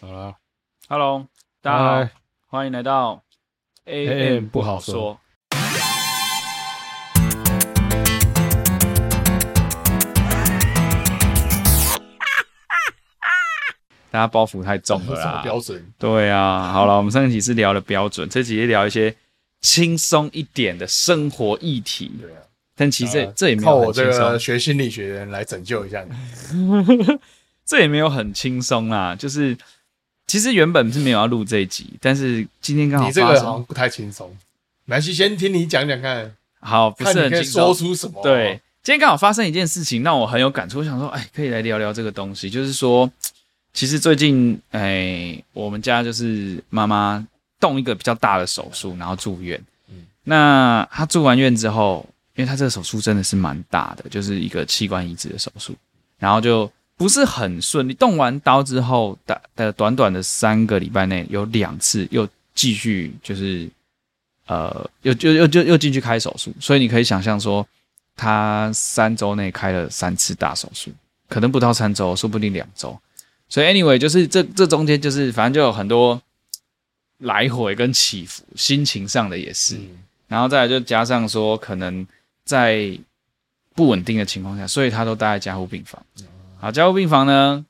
好了，Hello、Hi. 大家好，Hi. 歡迎來到 AM, AM 不好說，說。大家包袱太重了啊！標準，對啊，好啦，我們上一期是聊了標準，嗯、這期也聊一些輕鬆一點的生活議題。對啊，但其實這也沒有很輕鬆。我這個學心理學的人來拯救一下你，這也沒有很輕鬆啦、 啊、就是。其實原本是沒有要錄這一集，但是今天剛好發生，你這個好像不太輕鬆，來先先聽你講講看，好，不是很清楚，看你可以說出什麼。對，今天剛好發生一件事情，讓我很有感觸，我想說，哎，可以來聊聊這個東西。就是說，其實最近，哎，我們家就是媽媽動一個比較大的手術，然後住院，嗯。那她住完院之後，因為她這個手術真的是蠻大的，就是一個器官移植的手術，然後就。不是很順，你動完刀之後的的短短的三個禮拜內，有兩次又繼續就是，呃，又又又又又進去開手術，所以你可以想象說，他三周內開了三次大手術，可能不到三周，說不定兩周。所以 anyway 就是這這中間就是反正就有很多來回跟起伏，心情上的也是，嗯、然後再來就加上說可能在不穩定的情況下，所以他都待在加護病房。嗯好，加護病房呢？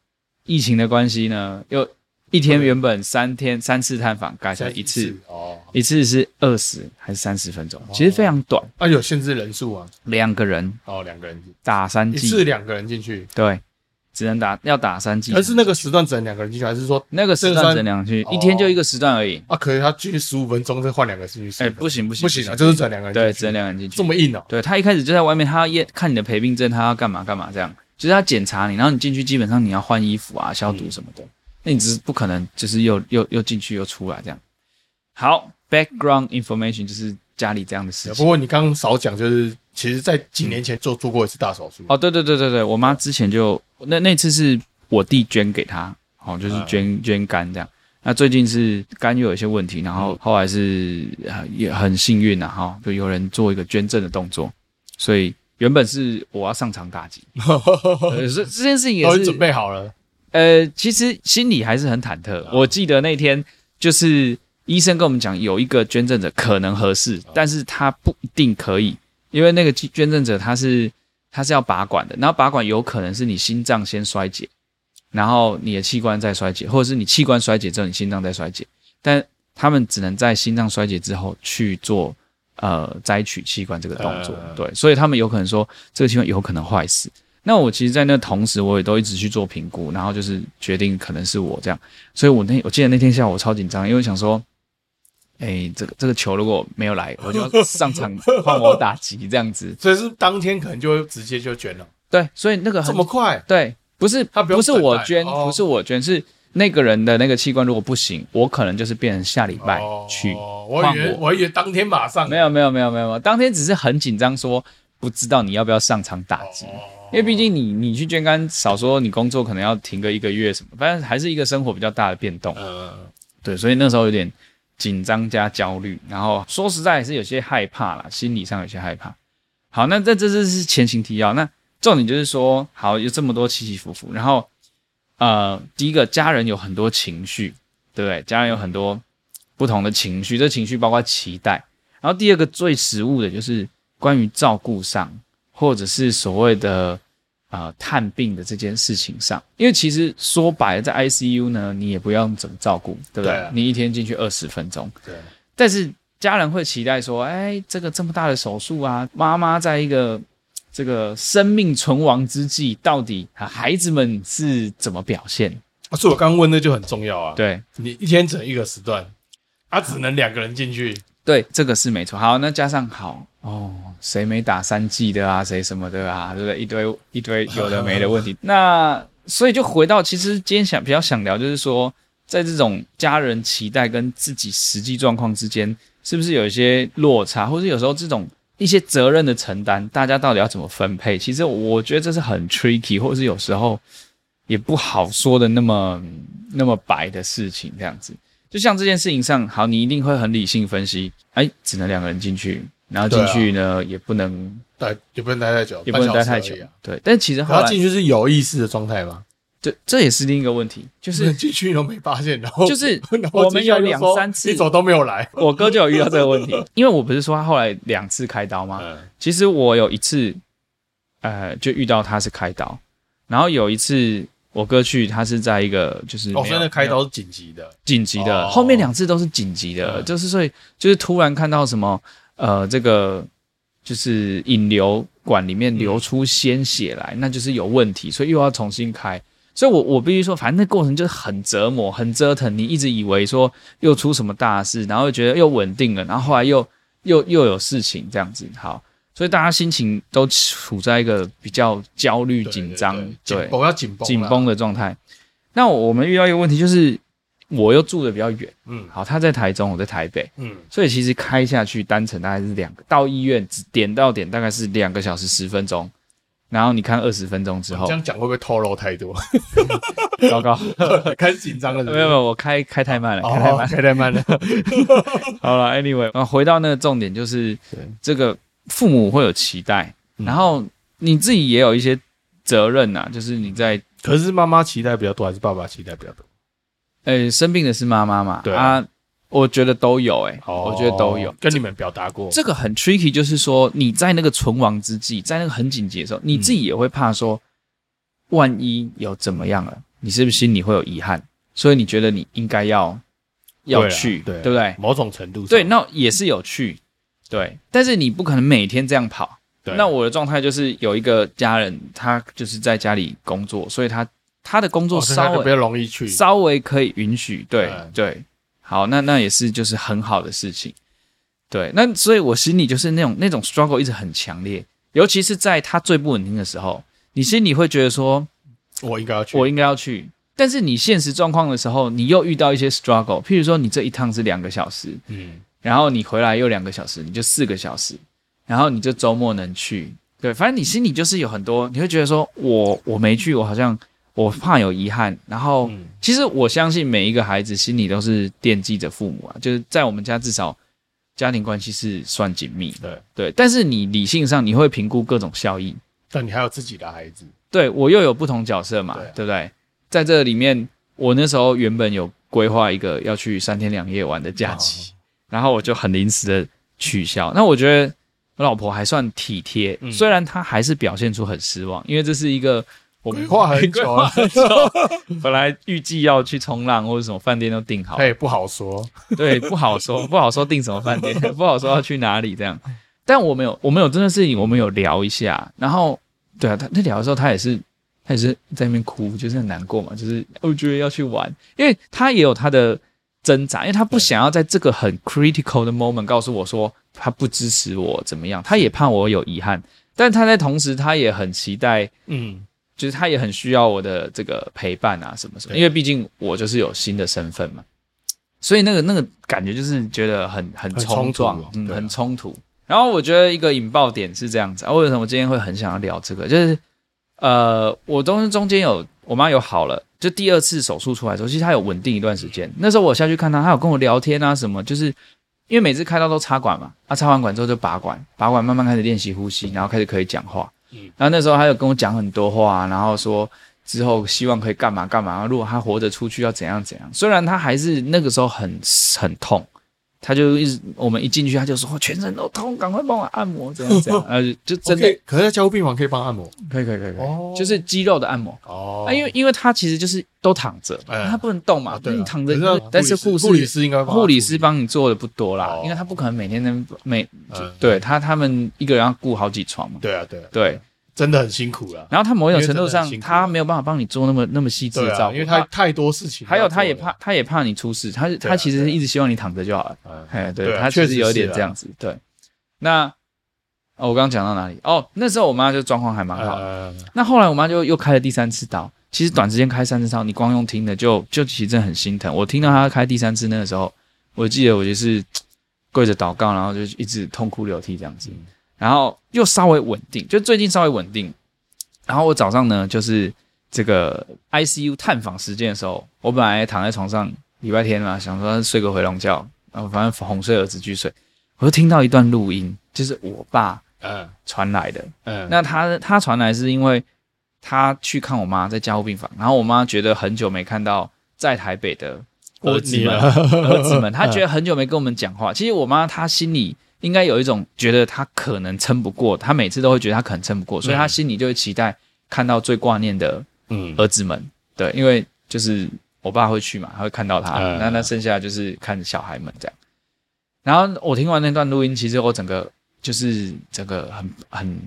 疫情的關係呢，又一天原本三天三次探訪改成一次，次哦，一次是二十還是三十分鐘，哦？其實非常短。啊，有限制人數啊，兩個人哦，兩個人打三，一次兩個人進去，對，只能打，要打三次，而是那個時段只能兩個人進去，還是說是那個時段只能兩個人進去，那個時段只能兩個人進去哦？一天就一個時段而已，哦，啊？可以，他進去十五分鐘再換兩個人進去。哎，欸，不行不行不行了，就是只能兩個人進去，對，只能兩個人進去。這麼硬啊，哦？對，他一開始就在外面，他要驗看你的陪病證，他要幹嘛幹嘛這樣。就是他檢查你，然後你進去，基本上你要換衣服啊、消毒什麼的。嗯、那你只是不可能，就是又又又進去又出來這樣。好，background information 就是家裡這樣的事情。不過你剛剛少講，就是其實在幾年前做、嗯、做過一次大手術。哦，對對對對對，我媽之前就那那次是我弟捐給她，哦，就是捐、啊、捐肝這樣。那最近是肝又有一些問題，然後後來是、呃、也很幸運吶哈，就有人做一個捐贈的動作，所以。原本是我要上場打擊， 所以這件事情也是準備好了。呃，其實心裡還是很忐忑、嗯。我記得那天就是醫生跟我們講，有一個捐贈者可能合適、嗯，但是他不一定可以，因為那個捐贈者他是他是要拔管的，然後拔管有可能是你心臟先衰竭，然後你的器官再衰竭，或者是你器官衰竭之後你心臟再衰竭，但他們只能在心臟衰竭之後去做。呃，摘取器官這個動作、呃，對，所以他們有可能說這個器官有可能壞死。那我其實，在那同時，我也都一直去做評估，然後就是決定可能是我這樣。所以我那，我記得那天下午我超緊張，因為我想說，哎、欸，這個這個球如果沒有來，我就上場換我打擊這樣子。 所以是當天可能就直接就捐了。對，所以那個很這麼快？對，不是不，不是我捐，哦、不是我捐是。那個人的那個器官如果不行，我可能就是變成下禮拜去、oh, 我以為我以為當天馬上沒有沒有沒有沒有當天只是很緊張，說不知道你要不要上場打擊，oh, 因為畢竟你你去捐肝，少說你工作可能要停個一個月什麼，反正還是一個生活比較大的變動。呃、oh, oh.，對，所以那時候有點緊張加焦慮，然後說實在也是有些害怕啦，心理上有些害怕。好，那這這這是前情提要，那重點就是說，好，有這麼多起起伏伏，然後。呃，第一個家人有很多情緒，對不對？家人有很多不同的情緒，這情緒包括期待。然後第二個最實務的就是關於照顧上，或者是所謂的，呃，探病的這件事情上，因為其實說白了，在 ICU 呢，你也不用怎麼照顧，對不對？對。你一天進去二十分鐘，對。但是家人會期待說，哎、欸，這個這麼大的手術啊，媽媽在一個。這個生命存亡之際，到底孩子們是怎麼表現？啊，所以我剛剛問的，就很重要啊。對，你一天整一個時段，他、啊、只能兩個人進去。對，這個是沒錯。好，那加上好哦，誰沒打三劑的啊？誰什麼的啊？對不對？一堆一堆有的沒的問題。 那所以就回到，其實今天想比較想聊，就是說，在這種家人期待跟自己實際狀況之間，是不是有一些落差？或者有時候這種。一些責任的承擔，大家到底要怎麼分配？其實我覺得這是很 tricky，或者是有時候也不好說的那麼那麼白的事情。這樣子，就像這件事情上，好，你一定會很理性分析。哎、欸，只能兩個人進去，然後進去呢、啊，也不能，待，也不能待太久，也不能待太久。啊、對，但其實後來進去是有意識的狀態嗎？這這也是另一個問題，就是進去都沒發現，然後就是 後就我們有兩三次，一走都沒有來。我哥就有遇到這個問題， 因為我不是說他後來兩次開刀嗎、嗯？其實我有一次，呃，就遇到他是開刀，然後有一次我哥去，他是在一個就是，哦，所以開刀是緊急的，緊急的。哦、後面兩次都是緊急的、哦，就是所以就是突然看到什麼呃、嗯，這個就是引流管裡面流出鮮血來、嗯，那就是有問題，所以又要重新開。所以我，我我必須說，反正那過程就是很折磨、很折騰。你一直以為說又出什麼大事，然後又覺得又穩定了，然後後來又又又有事情這樣子。好，所以大家心情都處在一個比較焦慮、緊張、緊繃、對要緊繃、緊繃的狀態。那我們遇到一個問題，就是我又住的比較遠，嗯，好，他在台中，我在台北，嗯，所以其實開下去單程大概是兩個到醫院點到點大概是兩個小時十分鐘。然後你看二十分鐘之後，這樣講會不會透露太多？ 糟糕， 開始緊張了是是。沒有沒有，我開開太慢了，開太慢了。哦、慢了 好了，Anyway，回到那個重點，就是這個父母會有期待，然後你自己也有一些責任吶、啊嗯，就是你在。可是媽媽期待比較多，還是爸爸期待比較多？誒、欸、生病的是媽媽嘛？對啊。啊我覺得都有哎、欸哦，我覺得都有跟你們表達過這。這個很 tricky，就是說你在那個存亡之際，在那個很緊急的時候，你自己也會怕說，萬一有怎麼樣了、嗯，你是不是心裡會有遺憾？所以你覺得你應該要要去，對不對，對，對，對？某種程度上對，那也是有去，對。但是你不可能每天這樣跑。對那我的狀態就是有一個家人，他就是在家裡工作，所以他他的工作稍微、哦、容易去，稍微可以允許。對、嗯、對。好，那那也是就是很好的事情，對。那所以，我心裡就是那種那種 struggle 一直很強烈，尤其是在他最不穩定的時候，你心裡會覺得說，我應該要去，我應該要去。但是你現實狀況的時候，你又遇到一些 struggle，譬如說，你這一趟是兩個小時，嗯，然後你回來又兩個小時，你就四個小時，然後你就周末能去，對。反正你心裡就是有很多，你會覺得說，我我沒去，我好像。我怕有遺憾，然後其實我相信每一個孩子心裡都是惦記着父母啊，就是在我們家至少家庭關係是算緊密，對對。但是你理性上你會評估各種效應，但你還有自己的孩子，對我又有不同角色嘛對、啊，對不對？在這裡面，我那時候原本有規劃一個要去三天兩夜玩的假期，哦、然後我就很臨時的取消。那我覺得我老婆還算體貼、嗯，雖然她還是表現出很失望，因為這是一個。我們話很久了、欸，很久了，本來預計要去衝浪或者什麼，飯店都訂好。哎，不好說，對，不好說， 不好說訂什麼飯店，不好說要去哪裡這樣。但我們有，我們有，真的是我們有聊一下。然後，對啊，他那聊的時候，他也是，他也是在那邊哭，就是很難過嘛，就是我覺得要去玩，因為他也有他的掙扎，因為他不想要在這個很 critical 的 moment 告訴我說他不支持我怎麼樣，他也怕我有遺憾。但他在同時，他也很期待，嗯。就是他也很需要我的這個陪伴啊，什麼什麼，因為畢竟我就是有新的身份嘛，所以那個那個感覺就是覺得很很衝撞，嗯，很衝突。然後我覺得一個引爆點是這樣子，啊，我為什麼我今天會很想要聊這個？就是呃，我中間中間有我媽有好了，就第二次手術出來的時候，其實她有穩定一段時間。那時候我下去看她，她有跟我聊天啊，什麼，就是因為每次開刀都插管嘛，啊，她插完管之後就拔管，拔管慢慢開始練習呼吸，然後開始可以講話。嗯，然後那時候他有跟我講很多話，然後說之後希望可以幹嘛幹嘛，如果他活着出去要怎樣怎樣。雖然他還是那個時候很，很痛。他就一直，我們一進去，他就說全身都痛，趕快幫我按摩這樣子，這樣。呃， 就真的，okay, 可是在加護病房可以幫按摩，可以可以可以。Oh. 就是肌肉的按摩。Oh. 啊，因為因為他其實就是都躺着、oh. 啊，他不能動嘛。對、oh.，你躺着、啊啊。但是護士、護理師應該護理師幫你做的不多啦，oh. 因為他不可能每天能每，oh. 就 uh. 對他他們一個人要顧好幾床嘛。對啊，對。啊、uh. 對。真的很辛苦了，然後他某一種程度上，他沒有辦法幫你做那麼那麼細緻的照顧，啊、因為他太多事情了，還有他也怕他也怕你出事，他、啊、他其實是一直希望你躺着就好了，哎、啊，對,對、啊、他確實有一點這樣子，啊、對。那哦，我剛,剛講到哪裡？哦，那時候我媽就狀況還蠻好，啊、那後來我媽就又開了第三次刀、啊，其實短時間開三次刀、嗯，你光用聽的就就其實真的很心疼。我聽到她開第三次那個時候，我記得我就是跪着禱告，然後就一直痛哭流涕這樣子。嗯然後又稍微穩定，就最近稍微穩定。然後我早上呢，就是這個 ICU 探訪時間的時候，我本來躺在床上，禮拜天嘛，想說睡個回籠覺，然後反正哄睡兒子去睡。我就聽到一段錄音，就是我爸傳來的。嗯，嗯，那他他傳來是因為他去看我媽在加護病房，然後我媽覺得很久沒看到在台北的兒子們，兒子們，她覺得很久沒跟我們講話。嗯，其實我媽她心裡。應該有一種覺得他可能撐不過，他每次都會覺得他可能撐不過，所以他心裡就會期待看到最掛念的嗯兒子們、嗯，對，因為就是我爸會去嘛，他會看到他，嗯、那那剩下就是看小孩們這樣。然後我聽完那段錄音，其實我整個就是整個很很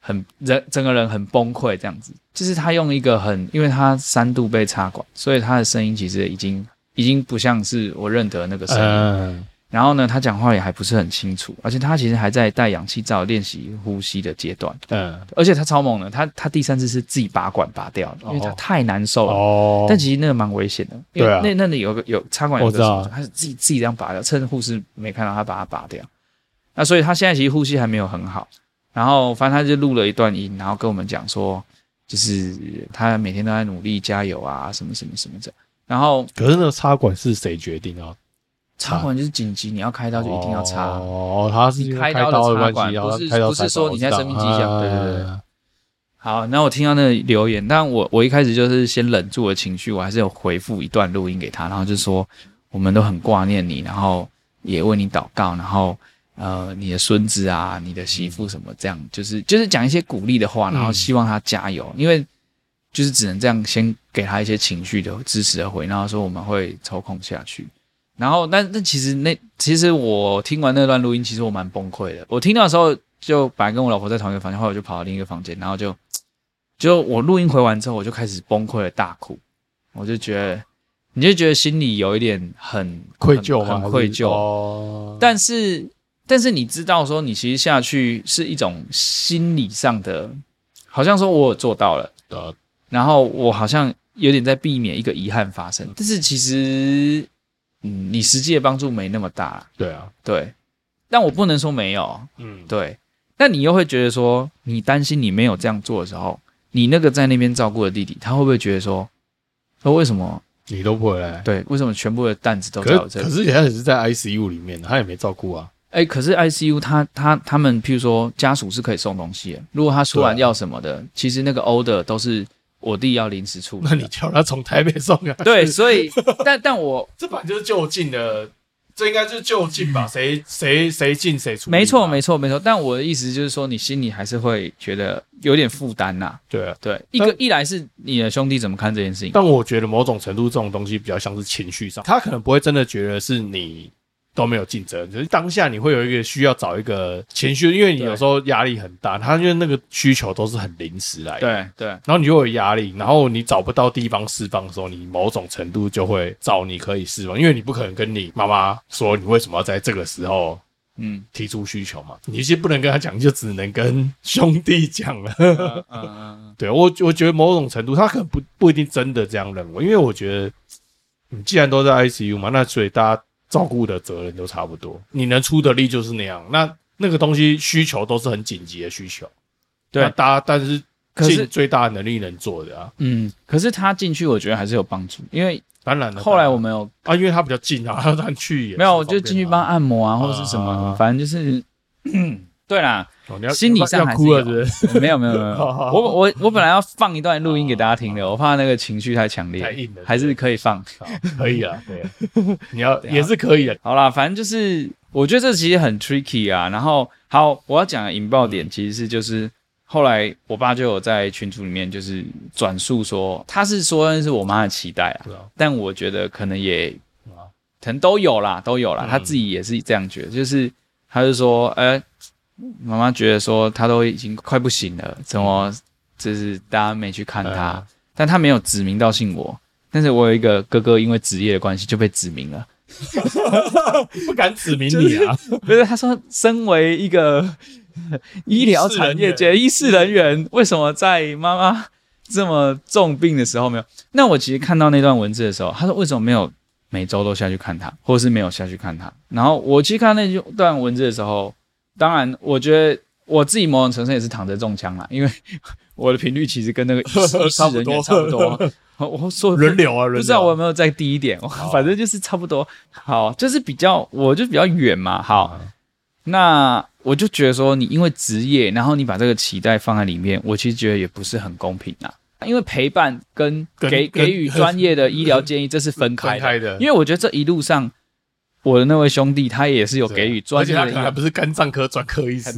很人整個人很崩潰這樣子，就是他用一個很，因為他三度被插管，所以他的聲音其實已經已經不像是我認得那個聲音。嗯然後呢，他講話也還不是很清楚，而且他其實還在戴氧氣罩練習呼吸的階段。嗯，而且他超猛的，他他第三次是自己拔管拔掉的，哦，因為他太難受了。哦。但其實那個蠻危險的，哦，因為那那裡有個有插管有個，我知道，他是自己自己這樣拔掉，趁護士沒看到他把它拔掉。那所以他現在其實呼吸還沒有很好。然後反正他就錄了一段音，然後跟我們講說，就是他每天都在努力加油啊，什麼什麼什麼的，然後，可是那個插管是誰決定啊？插管就是緊急、啊，你要開刀就一定要插。哦，他是開刀的插管。不是刀刀不是說你在生命跡象、啊。對對對、啊。好，那我聽到那個留言，但我我一開始就是先忍住了情緒，我還是有回復一段錄音給他，然後就說我們都很掛念你，然後也為你禱告，然後呃，你的孫子啊，你的媳婦什麼這樣，就是就是講一些鼓勵的話，然後希望他加油、嗯，因為就是只能這樣先給他一些情緒的支持的回，然後說我們會抽空下去。然後，但但其實那其實我聽完那段錄音，其實我蠻崩潰的。我聽到的時候，就本來跟我老婆在同一個房間，後來我就跑到另一個房間，然後就就我錄音回完之後，我就開始崩潰了，大哭。我就覺得，你就覺得心裡有一點很愧疚很，很愧疚。但是，但是你知道，說你其實下去是一種心理上的，好像說我做到了，然後我好像有點在避免一個遺憾發生。但是其實。嗯，你實際的幫助沒那麼大。啊，對啊，對，但我不能說沒有，嗯，對。但你又會覺得說，你擔心你沒有這樣做的時候，你那個在那邊照顧的弟弟，他會不會覺得說，那、呃、為什麼你都不回來？對，為什麼全部的擔子都在我這裡？可是，可是他只是在 ICU 裡面，他也沒照顧啊。哎、欸，可是 ICU 他他他，他們，譬如說家屬是可以送東西的，如果他突然要什麼的。啊，其實那個 order 都是。我弟要臨時出，那你叫他從台北送啊？對，所以， 但但我這本來就是就近的，這應該就是就近吧？誰誰誰近誰出？沒錯，沒錯，沒錯。但我的意思就是說，你心裡還是會覺得有點負擔吶。對啊，對，一個一來是你的兄弟怎麼看這件事情？但我覺得某種程度這種東西比較像是情緒上，他可能不會真的覺得是你。都沒有競爭，只是當下你會有一個需要找一個前虛，因為你有時候壓力很大，他因為那個需求都是很臨時來的，對對。然後你又有壓力，然後你找不到地方釋放的時候，你某種程度就會找你可以釋放，因為你不可能跟你媽媽說你為什麼要在這個時候嗯提出需求嘛，嗯、你是不能跟他講，你就只能跟兄弟講了、 啊啊啊。對我我覺得某種程度他可能不不一定真的這樣認為，因為我覺得你既然都在 ICU 嘛，那所以大家。照顧的責任都差不多，你能出的力就是那樣。那那個東西需求都是很緊急的需求，對，大家但是盡最大能力能做的啊。嗯，可是他進去我覺得還是有幫助，因為當然了，後來我沒有啊，因為他比較近啊，他去也是沒有，我就進去幫他按摩啊，或是什麼，啊、反正就是。嗯。對啦、哦，心理上還是沒有沒有沒有，沒有沒有 好好好，我我我本來要放一段錄音給大家聽的，我怕那個情緒太強烈，還是可以放，可以，啊 啊、可以啊，對，你要也是可以的。好啦，反正就是我覺得這其實很 tricky 啊。然後好，我要講的引爆點，其實是就是、嗯、後來我爸就有在群組裡面就是轉述說，他是說那是我媽的期待啊，但我覺得可能也，可能都有啦，都有啦。嗯、他自己也是這樣覺得，就是他就說，呃。媽媽覺得說他都已經快不行了，怎麼就是大家沒去看他，嗯、但他沒有指名道姓我，但是我有一個哥哥，因為職業的關係就被指名了， 不敢指名你啊！就是、不是他說，身為一個醫療產業、界、醫事人員，人員為什麼在媽媽這麼重病的時候沒有？ 那我其實看到那段文字的時候，他說為什麼沒有每周都下去看他，或是沒有下去看他？然後我去看那段文字的時候。當然，我覺得我自己某種程度也是躺着中槍了，因為我的頻率其實跟那個醫師 人員差不多。我說輪流啊，輪流，不知道我有沒有再低一點，反正就是差不多。好，就是比較，我就比較遠嘛。好、嗯，那我就覺得說，你因為職業，然後你把這個期待放在裡面，我其實覺得也不是很公平啊。因為陪伴跟給給予專業的醫療建議，這是分開的,開的。因為我覺得這一路上。我的那位兄弟，他也是有給予專家，應該不是肝臟科專科醫師，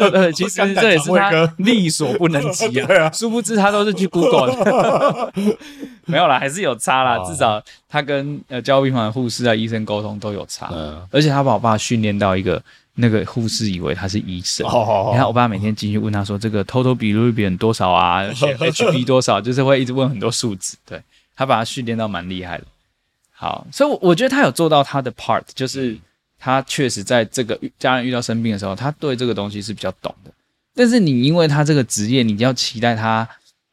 其實這也是他力所不能及啊。啊殊不知，他都是去 Google 的， 沒有啦，還是有差啦。至少他跟呃交病房護士啊、醫生溝通都有差、嗯。而且他把我爸訓練到一個，那個護士以為他是醫生。好好好，你看我爸每天進去問他說：“這個 Total Bilirubin 多少啊？Hb 多少？” 就是會一直問很多數字。對，他把他訓練到蠻厲害的。好，所以，我我覺得他有做到他的 part，就是他確實在這個家人遇到生病的時候，他對這個東西是比較懂的。但是你因為他這個職業，你要期待他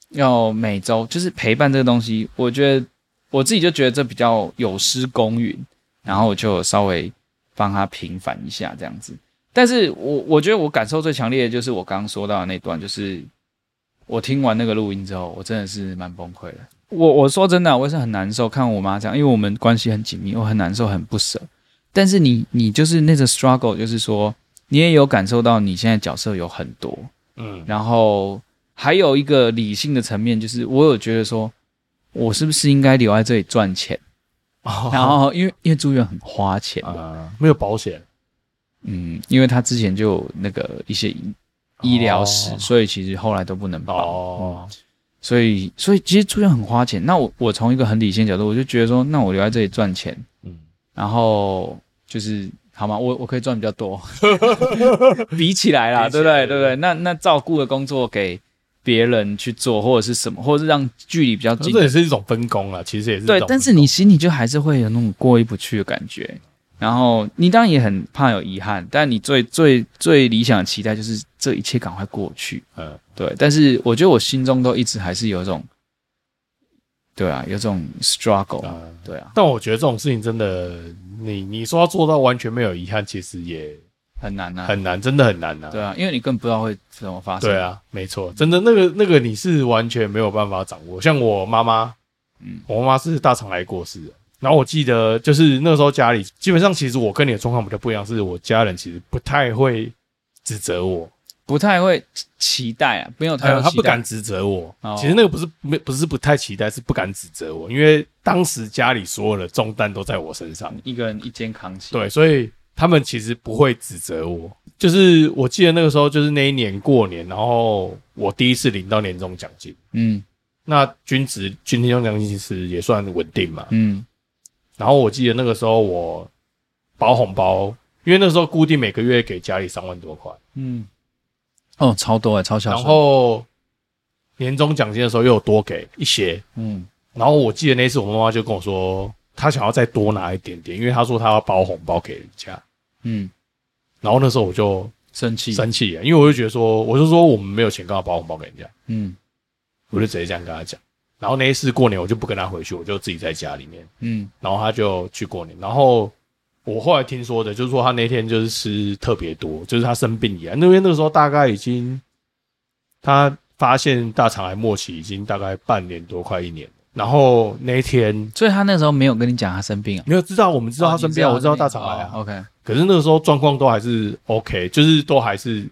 要每周就是陪伴這個東西，我覺得我自己就覺得這比較有失公允，然後我就稍微幫他平反一下這樣子。但是我，我我覺得我感受最強烈的就是我剛剛說到的那段，就是我聽完那個錄音之後，我真的是蠻崩潰的。我我說真的，我也是很難受，看我媽這樣，因為我們關係很緊密，我很難受，很不捨。但是你你就是那個 struggle，就是說你也有感受到你現在角色有很多，嗯，然後還有一個理性的層面，就是我有覺得說，我是不是應該留在這裡賺錢？哦，然後因為因為住院很花錢，嗯，沒有保險，嗯，因為他之前就有那個一些醫，哦，醫療史，所以其實後來都不能報。哦，嗯所以，所以其實住院很花錢。那我，我從一個很理性的角度，我就覺得說，那我留在這裡賺錢，嗯，然後就是好嗎？我我可以賺比較多， 比起來啦，比起來，對不對？對，對不對？對，對，對，對。那那照顧的工作給別人去做，或者是什麼，或者是讓距離比較近，這也是一種分工啊。其實也是。對，但是你心裡就還是會有那種過意不去的感覺。然後你當然也很怕有遺憾，但你最最最理想的期待就是這一切趕快過去。嗯，對。但是我覺得我心中都一直還是有一種，對啊，有種 struggle。嗯，對啊。但我覺得這種事情真的，你你說要做到完全沒有遺憾，其實也很難吶，很難啊，真的很難吶、啊。對啊，因為你根本不知道會怎麼發生。對啊，沒錯，真的那個那個你是完全沒有辦法掌握。像我媽媽，嗯，我媽媽是大腸癌過世的。然後我記得就是那時候家裡基本上其實我跟你的狀況比較不一樣，是我家人其實不太會指責我，不太會期待啊，沒有他、哎、他不敢指責我。哦、其實那個不是沒不是不太期待，是不敢指責我，因為當時家裡所有的重擔都在我身上、嗯，一個人一肩扛起。對，所以他們其實不會指責我。就是我記得那個時候就是那一年過年，然後我第一次領到年終獎金，嗯，那軍職、軍中獎金其實也算穩定嘛，嗯。然後我記得那個時候我包紅包，因為那時候固定每個月給家裡三萬多塊，嗯，哦，超多誒，超孝順。然後年終獎金的時候又有多給一些，嗯。然後我記得那次我媽媽就跟我說，她想要再多拿一點點，因為她說她要包紅包給人家，嗯。然後那時候我就生氣，生氣啊，因為我就覺得說，我就說我們沒有錢跟她包紅包給人家，嗯，我就直接這樣跟她講。然後那一次過年，我就不跟他回去，我就自己在家裡面。嗯，然後他就去過年。然後我後來聽說的，就是說他那天就是吃特別多，就是他生病一樣。那邊那個時候大概已經，他發現大腸癌末期已經大概半年多，快一年。然後那一天，所以他那時候沒有跟你講他生病啊？沒有知道，我們知道他生病，啊、哦，我知道大腸癌、啊哦。OK，可是那個時候狀況都還是 OK，就是都還是，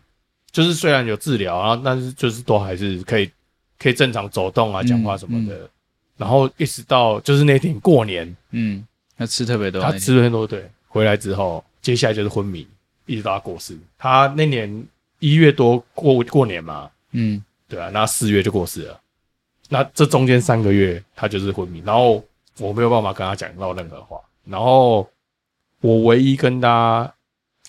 就是雖然有治療、啊，然後但是就是都還是可以。可以正常走動啊，講話什麼的、嗯嗯，然後一直到就是那天過年，嗯，他吃特別多、啊，他吃了很多，對，回來之後，接下來就是昏迷，一直到他過世。他那年一月多過過年嘛，嗯，對啊，那四月就過世了。那這中間三個月他就是昏迷、嗯，然後我沒有辦法跟他講到任何話、嗯，然後我唯一跟他，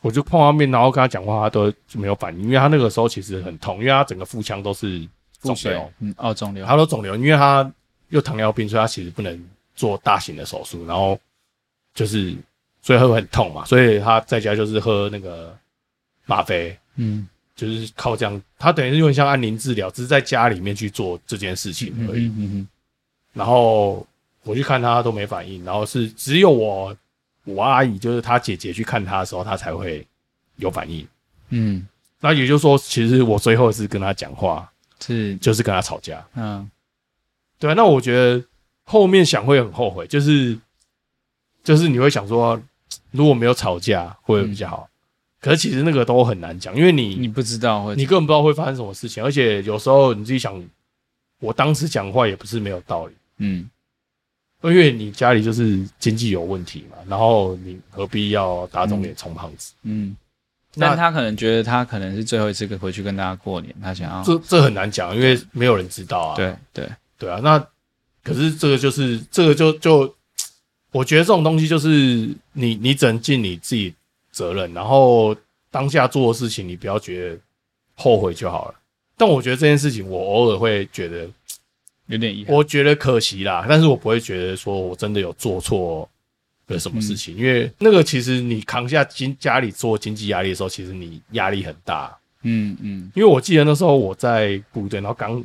我就碰他面，然後跟他講話，他都沒有反應，因為他那個時候其實很痛，因為他整個腹腔都是。腫瘤，嗯，哦，腫瘤。他說腫瘤，因為他有糖尿病，所以他其實不能做大型的手術，然後就是所以會很痛嘛，所以他在家就是喝那個嗎啡，嗯，就是靠這樣，他等於是用像安寧治療，只是在家裡面去做這件事情而已。嗯，嗯，嗯，嗯。然後我去看他都沒反應，然後是只有我我阿姨，就是他姐姐去看他的時候，他才會有反應。嗯，那也就是說，其實我最後是跟他講話。是，就是跟他吵架。嗯，對啊。那我覺得後面想會很後悔，就是，就是你會想說，如果沒有吵架會不會比較好？嗯。可是其實那個都很難講，因為你你不知道，你根本不知道會發生什麼事情。而且有時候你自己想，我當時講話也不是沒有道理。嗯，因為你家裡就是經濟有問題嘛，然後你何必要打腫臉充胖子？嗯。嗯那但他可能覺得他可能是最後一次可以回去跟大家過年，他想要。這這很難講，因為沒有人知道啊。對對對啊，那可是這個就是這個就就，我覺得這種東西就是你你只能盡你自己責任，然後當下做的事情你不要覺得後悔就好了。但我覺得這件事情，我偶爾會覺得有點遺憾，我覺得可惜啦，但是我不會覺得說我真的有做錯。有什麼事情、嗯？因為那個其實你扛下經家裡做經濟壓力的時候，其實你壓力很大。嗯嗯，因為我記得那時候我在部隊，然後剛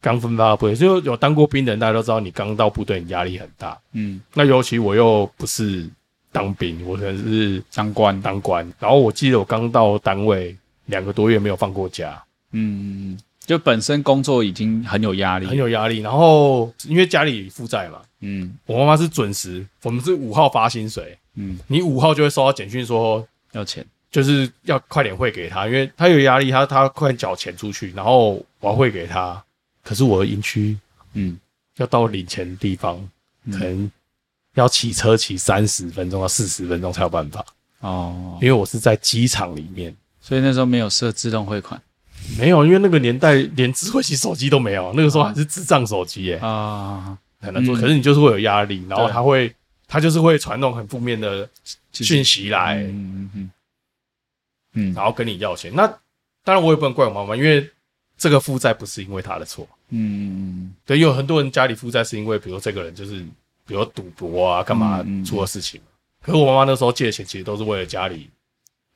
剛分發部隊，就有當過兵的人，大家都知道，你剛到部隊，你壓力很大。嗯，那尤其我又不是當兵，我可能是當官，當、嗯、官。然後我記得我剛到單位兩個多月沒有放過假。嗯。就本身工作已經很有壓力，很有壓力。然後因為家裡負債嘛，嗯，我媽媽是準時，我們是五號發薪水，嗯，你五號就會收到簡訊說要錢，就是要快點匯給她，因為她有壓力，她她快點繳錢出去，然後我要匯給她。可是我的營區，嗯，要到領錢的地方，嗯、可能要騎車騎三十分鐘到四十分鐘才有辦法。哦，哦，因為我是在機場裡面，所以那時候沒有設自動匯款。沒有，因為那個年代連智慧型手機都沒有，那個時候還是智障手機耶，欸、啊，很難說。可是你就是會有壓力，嗯，然後他會，他就是會傳那種很負面的訊息來，嗯嗯嗯，然後跟你要錢。那當然我也不能怪我媽媽，因為這個負債不是因為她的錯，嗯嗯嗯。對，有很多人家裡負債是因為，比如這個人就是比如賭博啊，幹嘛出了事情。嗯嗯嗯，可是我媽媽那時候借的錢其實都是為了家裡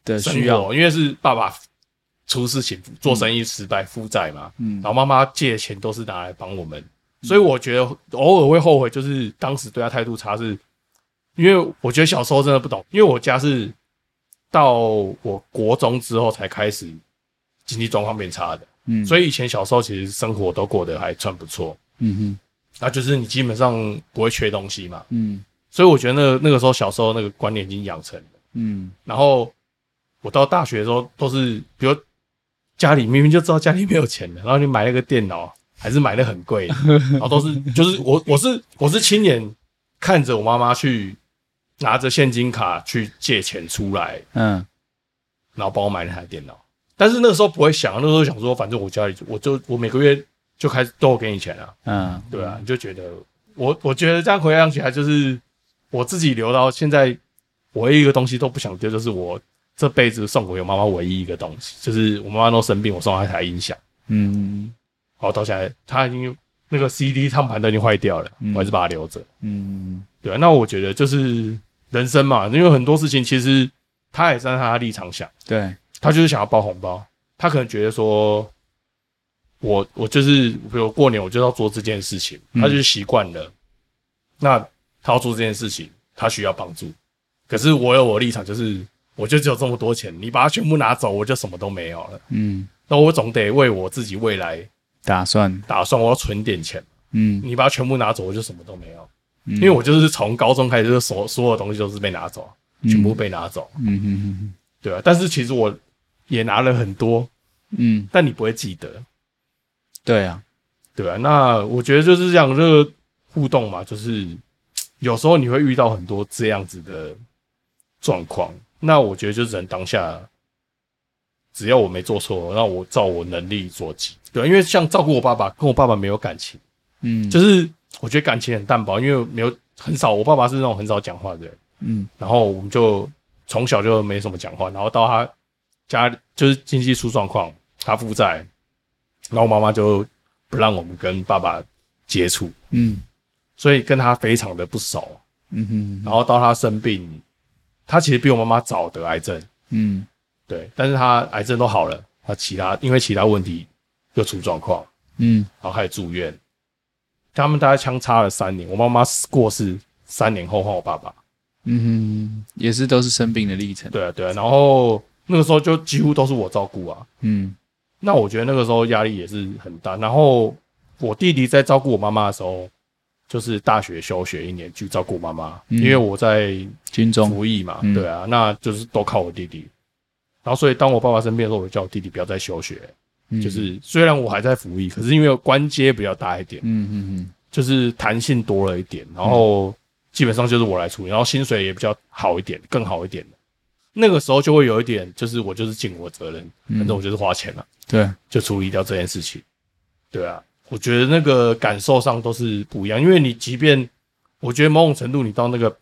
的需要，因為是爸爸。出事情做生意，嗯、失敗負債嘛，嗯，然後媽媽借錢都是拿來幫我們、嗯，所以我覺得偶爾會後悔，就是當時對他態度差是，是因為我覺得小時候真的不懂，因為我家是到我國中之後才開始經濟狀況變差的，嗯，所以以前小時候其實生活都過得還算不錯，嗯嗯，那就是你基本上不會缺東西嘛，嗯，所以我覺得那個、那個、時候小時候那個觀念已經養成了，嗯，然後我到大學的時候都是比如。家裡明明就知道家裡沒有錢的，然後你買了個電腦，還是買得很貴的。 然後都是就是我我是我是親眼看着我媽媽去拿着現金卡去借錢出來，嗯，然後幫我買了台電腦，但是那個時候不會想，那個時候想說反正我家裡我就我每個月就開始都給你錢了，嗯，對啊，你就覺得我我覺得這樣回想起來就是我自己留到現在唯一一個東西都不想丟，就是我。這輩子送給我媽媽唯一一個東西，就是我媽媽都生病，我送她一台音響。嗯，好，到現在她已經那個 CD 唱盤都已經壞掉了，嗯、我還是把它留着。嗯、對、啊。那我覺得就是人生嘛，因為很多事情其實他也是按他的立場想，對他就是想要包紅包，他可能覺得說我我就是比如過年我就要做這件事情，他就是習慣了，嗯、那她要做這件事情，他需要幫助，可是我有我的立場，就是。我就只有這麼多錢，你把它全部拿走，我就什麼都沒有了。嗯，那我總得為我自己未來打算，打算我要存點錢。嗯，你把它全部拿走，我就什麼都沒有。嗯、因為我就是從高中開始，就所所有的東西都是被拿走，嗯、全部被拿走。嗯哼哼、嗯嗯嗯嗯、對啊，但是其實我也拿了很多，嗯。但你不會記得，對啊，對啊。那我覺得就是這樣，這個互動嘛，就是有時候你會遇到很多這樣子的狀況。那我覺得就只能當下，只要我沒做錯，那我照我能力做即。對，因為像照顧我爸爸，跟我爸爸沒有感情，嗯，就是我覺得感情很淡薄，因為沒有很少，我爸爸是那種很少講話的人，嗯，然後我們就從小就沒什麼講話，然後到他家就是經濟出狀況，他負債，然後媽媽就不讓我們跟爸爸接觸，嗯，所以跟他非常的不熟，嗯哼，嗯哼，然後到他生病。他其實比我媽媽早得癌症，嗯，對，但是他癌症都好了，他其他因為其他問題又出狀況，嗯，然後還住院，他們大概相差了三年，我媽媽過世三年後換我爸爸，嗯哼哼，也是都是生病的歷程，對啊對啊，然後那個時候就幾乎都是我照顧啊，嗯，那我覺得那個時候壓力也是很大，然後我弟弟在照顧我媽媽的時候。就是大學休學一年去照顧媽媽，因為我在軍中服役嘛，對啊、嗯，那就是都靠我弟弟。然後，所以當我爸爸生病的時候，我就叫我弟弟不要再休學、嗯。就是雖然我還在服役，可是因為官階比較大一點，嗯嗯嗯，就是彈性多了一點。然後基本上就是我來處理、嗯，然後薪水也比較好一點，更好一點。那個時候就會有一點，就是我就是盡我的責任、嗯，反正我就是花錢了，對，就處理掉這件事情，對啊。我覺得那個感受上都是不一樣，因為你即便，我覺得某種程度你到那個，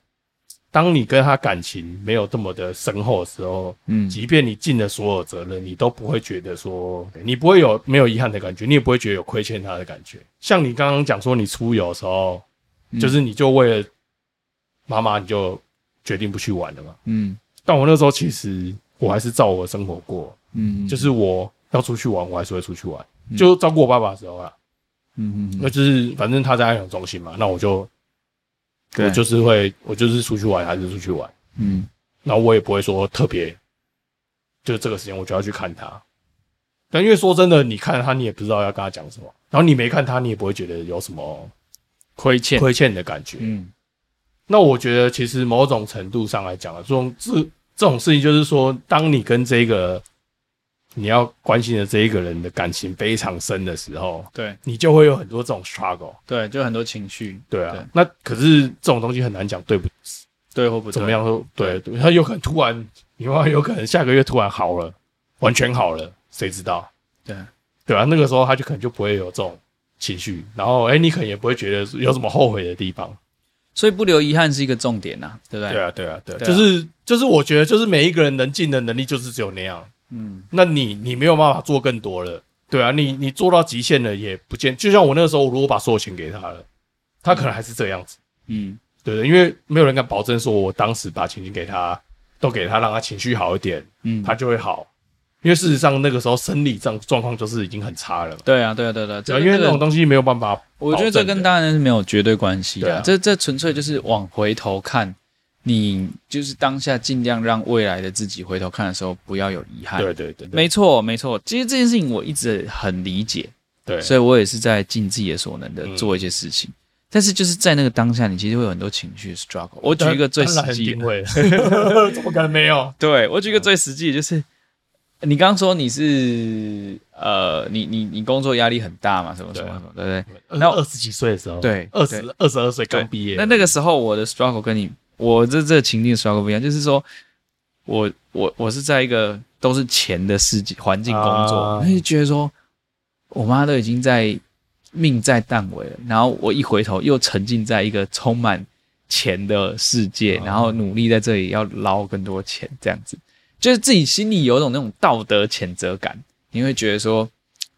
當你跟他感情沒有這麼的深厚的時候，嗯，即便你盡了所有責任，你都不會覺得說你不會有沒有遺憾的感覺，你也不會覺得有虧欠他的感覺。像你剛剛講說你出遊的時候，嗯，就是你就為了媽媽你就決定不去玩了嘛，嗯，但我那時候其實我還是照我的生活過，嗯，就是我要出去玩我還是會出去玩，嗯，就照顧我爸爸的時候啊。嗯嗯，那就是反正他在療養中心嘛，那我就對，我就是會，我就是出去玩還是出去玩，嗯，然後我也不會說特別，就這個時間我就要去看他，但因為說真的，你看他你也不知道要跟他講什麼，然後你沒看他你也不會覺得有什麼虧欠虧欠的感覺，嗯，那我覺得其實某種程度上來講啊，這種這這種事情就是說，當你跟這個。你要關心的這一個人的感情非常深的時候，對，你就會有很多這種 struggle，對，就很多情緒，對啊對。那可是這種東西很難講，對不？對或不對怎麼樣都對，對，對。他有可能突然，你話有，有，有可能下個月突然好了，完全好了，誰、嗯、知道？對，對啊，那個時候他就可能就不會有這種情緒，然後哎、欸，你可能也不會覺得有什麼後悔的地方。所以不留遺憾是一個重點吶、啊，對不對？對啊，對啊，對，啊對啊，就是就是我覺得就是每一個人能盡的能力就是只有那樣。嗯，那你你沒有辦法做更多了，對啊，你你做到極限了也不見，就像我那個時候，我如果把所有錢給他了，他可能還是這樣子，嗯，對對，因為沒有人敢保證說，我當時把錢錢給他，都給他，讓他情緒好一點，嗯，他就會好，因為事實上那個時候生理狀狀況就是已經很差了，對啊，對啊對啊對啊，對啊，因為那種東西沒有辦法，我覺得這跟當然是沒有絕對關係的啊，對啊，這這純粹就是往回頭看。你就是當下盡量讓未來的自己回頭看的時候，不要有遺憾。對對對，對沒，沒錯沒錯。其實這件事情我一直很理解，對，所以我也是在盡自己的所能的做一些事情。嗯、但是就是在那個當下，你其實會有很多情緒 struggle。我舉一個最實際，當然很定位， 怎麼可能沒有？對，我舉一個最實際，就是你剛剛說你是呃，你你你工作壓力很大嘛，什麼什麼什麼，對、啊、對，不對？然後二十幾歲的時候，對，二十二十二歲剛畢業，那那個時候我的 struggle 跟你。我這這個情境刷過不一樣，就是說我，我我我是在一個都是錢的世界環境工作，那、啊、就覺得說，我媽都已經在命在旦尾了，然後我一回頭又沉浸在一個充滿錢的世界、啊，然後努力在這裡要撈更多錢，這樣子，就是自己心裡有一種那種道德譴責感，你會覺得說，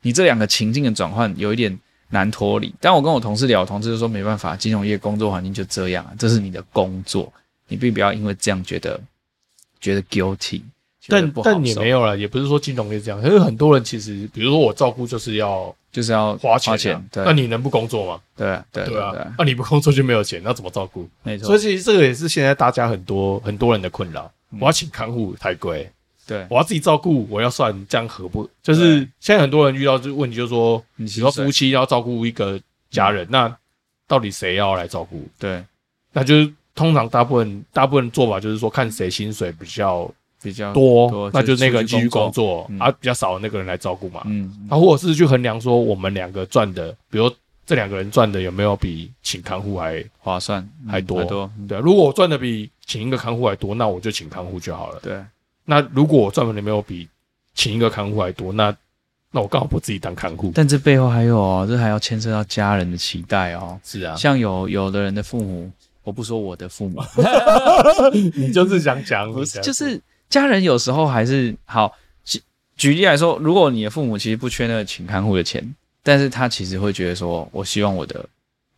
你這兩個情境的轉換有一點。難脫離。但我跟我同事聊，我同事就說沒辦法，金融業工作環境就這樣，這是你的工作，你並不要因為這樣覺得覺得 guilty 但，但但也沒有了，也不是說金融業這樣，因為很多人其實，比如說我照顧就是要就是要花錢，啊就是要花錢，對，那你能不工作嗎？對啊，對，對，對，對啊，那你不工作就沒有錢，那怎麼照顧？沒錯。所以其實這個也是現在大家很多很多人的困擾。我要請看護太貴。對，我要自己照顧，我要算這樣合不？就是現在很多人遇到這個問題，就是說，比如說夫妻要照顧一個家人，那到底誰要來照顧？對，那就是通常大部分大部分做法就是說，看誰薪水比較比較多，那就那個繼續工作，工作嗯、啊，比較少的那個人來照顧嘛。嗯，啊，或者是去衡量說，我們兩個賺的，比如這兩個人賺的有沒有比請看護還划算還多？嗯、還多、嗯、對，如果我賺的比請一個看護還多，那我就請看護就好了。對。那如果我賺的沒有比請一個看護還多，那那我剛好我自己當看護。但這背後還有哦，這還要牽涉到家人的期待哦。是啊，像有有的人的父母，我不說我的父母， 你就是想講，就是家人有時候還是好。舉例來說，如果你的父母其實不缺那個請看護的錢，但是他其實會覺得說，我希望我的。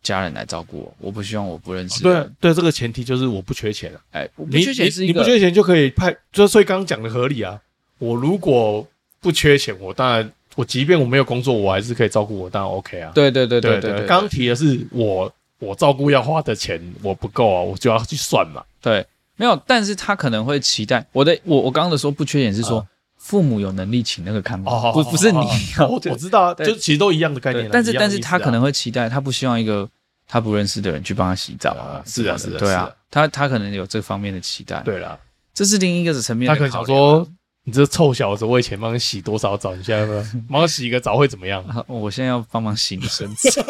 家人來照顧我，我不希望我不認識、哦。對對，這個前提就是我不缺錢、啊。哎、欸，不缺錢是一個你，你，你不缺錢就可以派，就所以剛剛講的合理啊。我如果不缺錢，我當然我即便我沒有工作，我還是可以照顧我，當然 OK 啊。對對對對對，對，對，對，剛提的是我我照顧要花的錢我不夠啊，我就要去算嘛。對，沒有，但是他可能會期待我的，我我剛剛的說不缺錢是說。啊父母有能力請那個看護，不不是你、啊 oh, 我，我知道、啊，就其實都一樣的概念。但是、啊、但是他可能會期待，他不希望一個他不認識的人去幫他洗澡啊。是啊，是啊，對啊，他他可能有這方面的期待。對了，這是另一個層面。他可能想說：“你這臭小子，我以前幫你洗多少澡？你現在幫，他洗一個澡會怎麼樣？” 我現在要幫忙洗你孫子，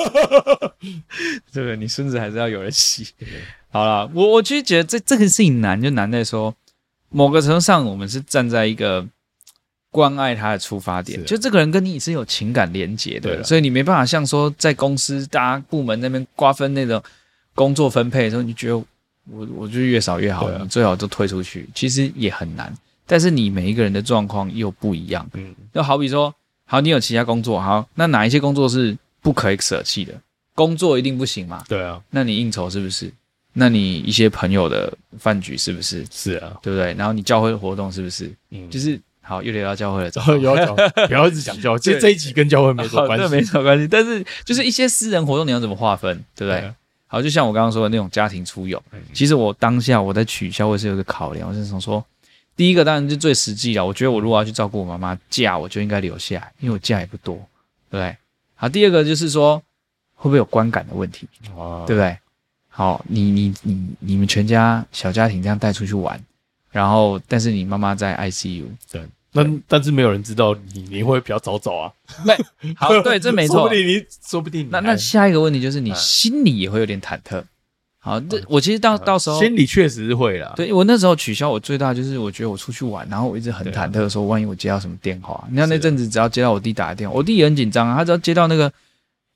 對不對？你孫子還是要有人洗。 好了，我我其實覺得這這個事情難，就難在說，某個程度上我們是站在一個。關愛他的出發點，啊、就這個人跟你也是有情感連結的，對、啊、所以你沒辦法像說在公司大家部門那邊瓜分那種工作分配的時候，你覺得我我就越少越好、啊，你最好就退出去。其實也很難，但是你每一個人的狀況又不一樣。嗯，就好比說，好，你有其他工作，好，那哪一些工作是不可以捨棄的？工作一定不行嘛？對啊。那你應酬是不是？那你一些朋友的飯局是不是？是啊，對不對？然後你教會的活動是不是？嗯，就是。好又聊到教會了，不要不要一直講教會， 這一集跟教會沒什麼關係，這沒什麼關係。但是就是一些私人活動，你要怎麼劃分，對不對，對、啊？好，就像我剛剛說的那種家庭出遊、嗯，其實我當下我在取消，我是有一個考量，我是想說，說，第一個當然是最實際了，我覺得我如果要去照顧我媽媽假，我就應該留下，因為我假也不多，對不對？好，第二個就是說會不會有觀感的問題，對不對？好，你你你你，你們全家小家庭這樣帶出去玩，然後但是你媽媽在 ICU，對。那但，但是沒有人知道你你會比較早走啊？那 對好，對，這沒錯，你說不定，你說不定你。那那下一個問題就是，你心裡也會有點忐忑。好，那、嗯、我其實到、嗯、到時候心裡確實是會啦。對，我那時候取消，我最大就是我覺得我出去玩，然後我一直很忐忑的時候，說、啊、萬一我接到什麼電話。你看那陣子，只要接到我弟打的電話，我弟也很緊張啊。他只要接到那個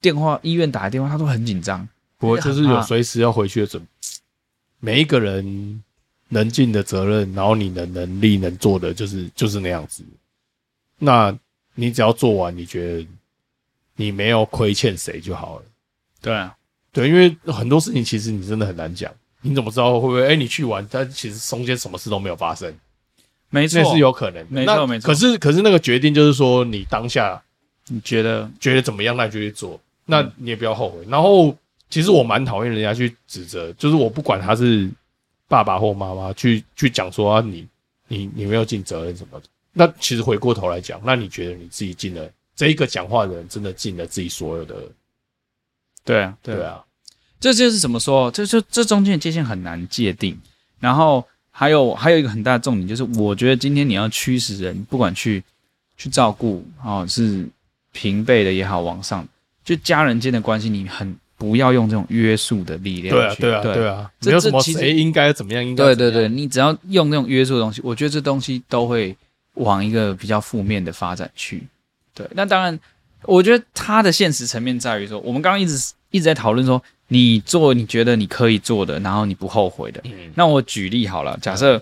電話，醫院打的電話，他都很緊張。不過就，就是有隨時要回去的準備。每一個人。能盡的責任，然後你的能力能做的就是就是那樣子。那你只要做完，你覺得你沒有虧欠誰就好了。對啊，對，因為很多事情其實你真的很難講，你怎麼知道會不會？哎、欸，你去玩，但其實中間什麼事都沒有發生。沒錯是有可能，沒錯沒錯。可是可是那個決定就是說，你當下你覺得覺得怎麼樣，那就去做，那你也不要後悔。嗯、然後其實我蠻討厭人家去指責，就是我不管他是。爸爸或媽媽去去講說啊，你你你沒有盡責任什麼的。那其實回過頭來講，那你覺得你自己盡了這一個講話的人真的盡了自己所有的、嗯？對啊，對啊。這就是怎麼說？這就這中間的界限很難界定。然後還有還有一個很大的重點就是，我覺得今天你要驅使人，不管去去照顧啊、哦，是平輩的也好，往上就家人間的關係，你很。不要用這種約束的力量去，對啊。對啊，對啊，對啊。沒有什麼誰應該怎麼樣，應該。對對對，你只要用這種約束的東西，我覺得這東西都會往一個比較負面的發展去。對，那當然，我覺得他的現實層面在於說，我們剛剛一直一直在討論說，你做你覺得你可以做的，然後你不後悔的。嗯。那我舉例好了，假設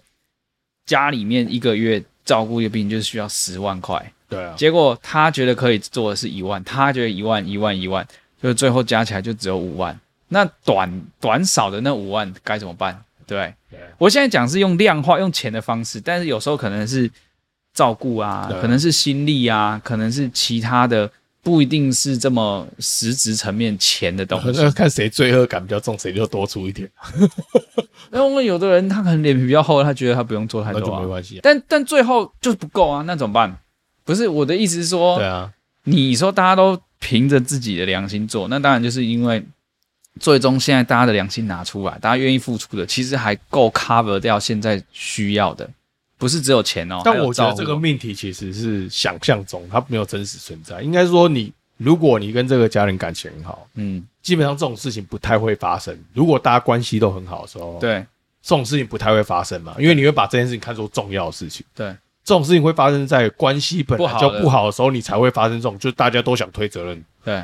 家裡面一個月照顧一個病人就是需要十萬塊，對啊。結果他覺得可以做的是一萬，他覺得一萬，一萬，一萬。就最後加起來就只有五萬，那短短少的那五萬該怎麼辦？對，我現在講是用量化、用錢的方式，但是有時候可能是照顧啊，啊，可能是心力啊，可能是其他的，不一定是這麼實質層面錢的東西。要看誰罪惡感比較重，誰就多出一點。那我們有的人他可能臉皮比較厚，他覺得他不用做太多，啊，那就沒關係，啊。但但最後就不夠啊，那怎麼辦？不是，我的意思是說，對啊，你說大家都。憑着自己的良心做，那當然就是因為最終現在大家的良心拿出來，大家願意付出的，其實還夠 cover 掉現在需要的，不是只有錢哦、喔。但我覺得這個命題其實是想象中，它沒有真實存在。應該說你，你如果你跟這個家人感情很好，嗯，基本上這種事情不太會發生。如果大家關係都很好的時候，對，這種事情不太會發生嘛，因為你會把這件事情看作重要的事情，對。這種事情會發生在關係本來就不好的時候，你才會發生這種，就是大家都想推責任，對，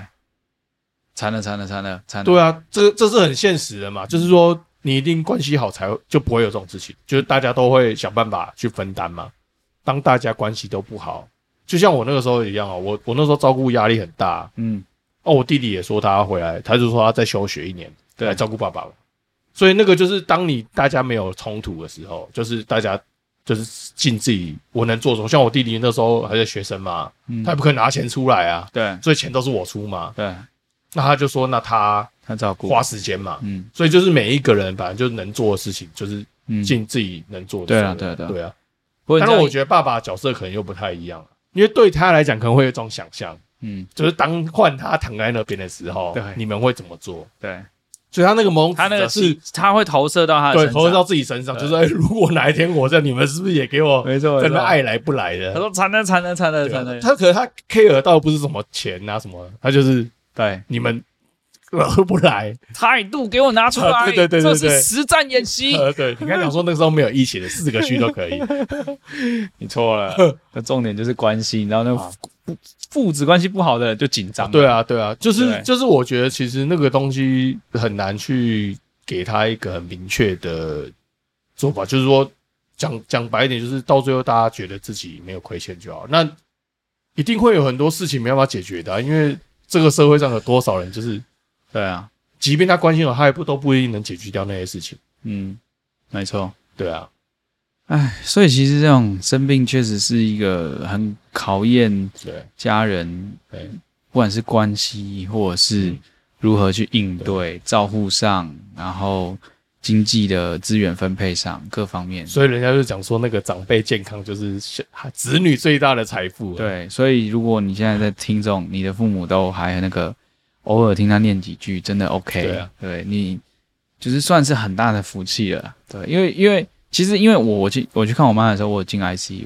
慘了慘了慘了慘，對啊，這這是很現實的嘛，嗯、就是說你一定關係好才會就不會有這種事情，就是大家都會想辦法去分擔嘛。當大家關係都不好，就像我那個時候一樣啊、哦，我我那時候照顧壓力很大，嗯，哦，我弟弟也說他要回來，他就說他再休學一年對、嗯、照顧爸爸，所以那個就是當你大家沒有衝突的時候，就是大家。就是盡自己我能做什麼？像我弟弟那時候還在學生嘛、嗯，他也不可能拿錢出來啊，對，所以錢都是我出嘛，對。那他就說，那他他照顧，花時間嘛，嗯，所以就是每一個人反正就是能做的事情，就是盡自己能做的，對對對，對啊。但是、啊啊、我覺得爸爸角色可能又不太一樣，因為對他來講可能會有一種想象，嗯，就是當換他躺在那邊的時候，對，你們會怎麼做？對。所以他那個蒙，他那個是他會投射到他，對，投射到自己身上，就是哎、欸，如果哪一天我這樣你們是不是也給我，沒錯，真的愛來不來的？他說，慘了慘了慘了慘了，了了他可能他 care 到不是什麼錢啊什麼的，他就是對你們。來 不來？態度給我拿出來！啊、對對對對對，這是實戰演習。呃、啊，對，對，對，對、， 啊、對，你剛才講說那個時候沒有疫情的，四個區都可以。 你錯了，那重點就是關係。然後那個父、啊、父子關係不好的人就緊張、啊。對啊對啊，就是就是，我覺得其實那個東西很難去給他一個很明確的做法。就是說講講白一點，就是到最後大家覺得自己沒有虧欠就好。那一定會有很多事情沒辦法解決的、啊，因為這個社會上有多少人就是。對啊，即便他關心我，他也不都不一定能解決掉那些事情。嗯，沒錯，對啊，哎，所以其實這種生病確實是一個很考驗對家人，不管是關係或者是如何去應對照顧上，然後經濟的資源分配上各方面。所以人家就講說，那個長輩健康就是子子女最大的財富啊。對，所以如果你現在在聽眾，你的父母都還那個。偶爾聽他念幾句，真的 OK 對啊。對你就是算是很大的福氣了。對，因為因為其實因為我我去我去看我媽的時候，我進 ICU。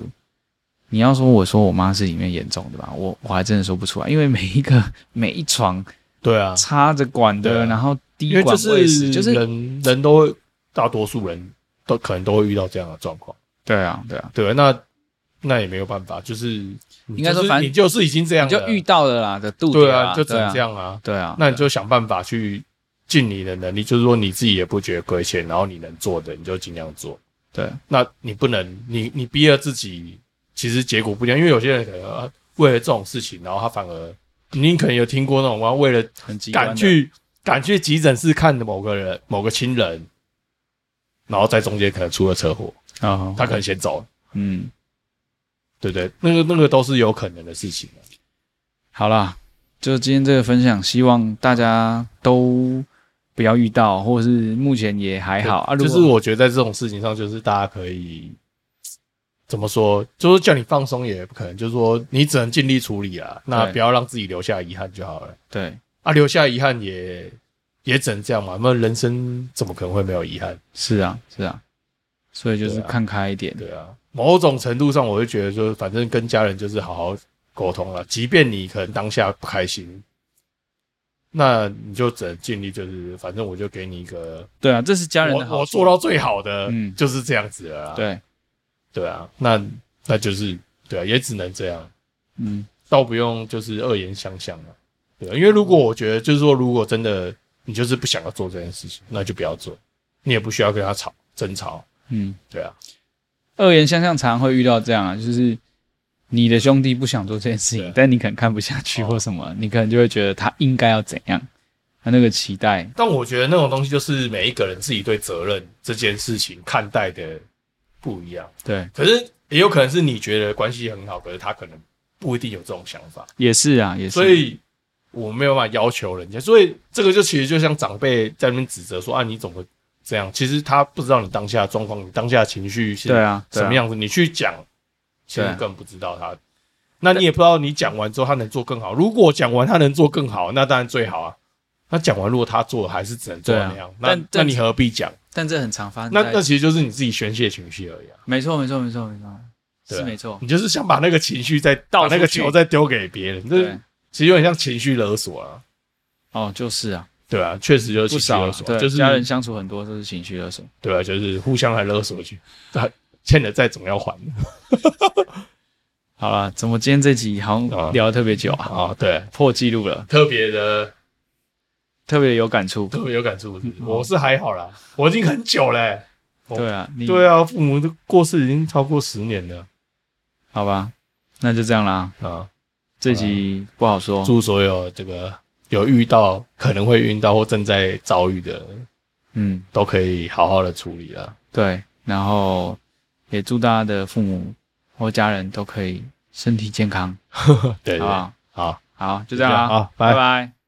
你要說我說我媽是裡面嚴重對吧？我我還真的說不出來，因為每一個每一床，對啊，插着管的，啊、然後滴管，就就是人、就是、人，人都會，大多數人都可能都會遇到這樣的狀況。對啊，對啊，對，那。那也沒有辦法，就是應該說，你就是已經這樣了，啊，你就遇到了啦，的度對啊，就只能這樣啊，啊，啊，對啊，那你就想辦法去盡你的能力，啊啊，就是說你自己也不覺得虧欠，然後你能做的你就盡量做，對、啊對，啊對啊，那你不能你你逼了自己，其實結果不一樣，因為有些人可能為了這種事情，然後他反而，你可能有聽過那種，我要為了很急，趕去趕去急診室看的某個人、某個親人，然後在中間可能出了車禍啊，oh, 他可能先走，嗯。對，對對，那個那個都是有可能的事情啊。好了，就今天這個分享，希望大家都不要遇到，或者是目前也還好啊，如果。就是我覺得在這種事情上，就是大家可以怎麼說，就是叫你放鬆也不可能，就是說你只能盡力處理了。那不要讓自己留下遺憾就好了。對啊，留下遺憾也也只能這樣嘛。那人生怎麼可能會沒有遺憾？是啊，是啊。所以就是看開一點。對啊。對啊某種程度上，我會覺得，就是反正跟家人就是好好溝通了。即便你可能當下不開心，那你就只能盡力，就是反正我就給你一個對啊，這是家人的好。我我做到最好的，嗯，就是這樣子了啊。對，對啊，那那就是對啊，也只能這樣。嗯，倒不用就是惡言相向了啊。對啊，因為如果我覺得就是說，如果真的你就是不想要做這件事情，那就不要做，你也不需要跟他吵爭吵。嗯，對啊。二言相向常會遇到這樣啊，就是你的兄弟不想做這件事情，但你可能看不下去或什麼，哦、你可能就會覺得他應該要怎樣，他那個期待。但我覺得那種東西就是每一個人自己對責任這件事情看待的不一樣。對，可是也有可能是你覺得關係很好，可是他可能不一定有這種想法。也是啊，也是。所以我沒有辦法要求人家，所以這個就其實就像長輩在那邊指責說：“啊，你總會。這樣，其實他不知道你當下的狀況，你當下的情緒是什麼樣子。對啊、你去講、對啊，其實更不知道他、對啊。那你也不知道你講完之後他能做更好。如果講完他能做更好，那當然最好啊。他講完如果他做了還是只能做那樣，對啊，那那，那你何必講？但這很常發生。那那其實就是你自己宣泄情緒而已啊。沒錯，沒錯，沒錯，沒錯，對啊、是沒錯。你就是想把那個情緒再倒，那個球再丟給別人，對，這其實有點像情緒勒索啊。哦，就是啊。對啊，確實就是情緒勒索。對，就是家人相處很多都，就是情緒勒索。對啊，就是互相還勒索去，啊、欠的債總要還。 好了，怎麼今天這集好像，啊、聊特別久啊？啊，對，破紀錄了，啊，特別的，特別有感觸，特別有感觸。我是還好啦，嗯，我已經很久嘞，欸。對啊，你，對啊，父母都過世已經超過十年了，好吧？那就這樣啦。啊，啊這集不好說。嗯，祝所有這個。有遇到可能會遇到或正在遭遇的，嗯，都可以好好的處理了啊。對，然後也祝大家的父母或家人都可以身體健康。呵呵對，對，對，好，好，好，就這樣啊，拜拜。拜拜。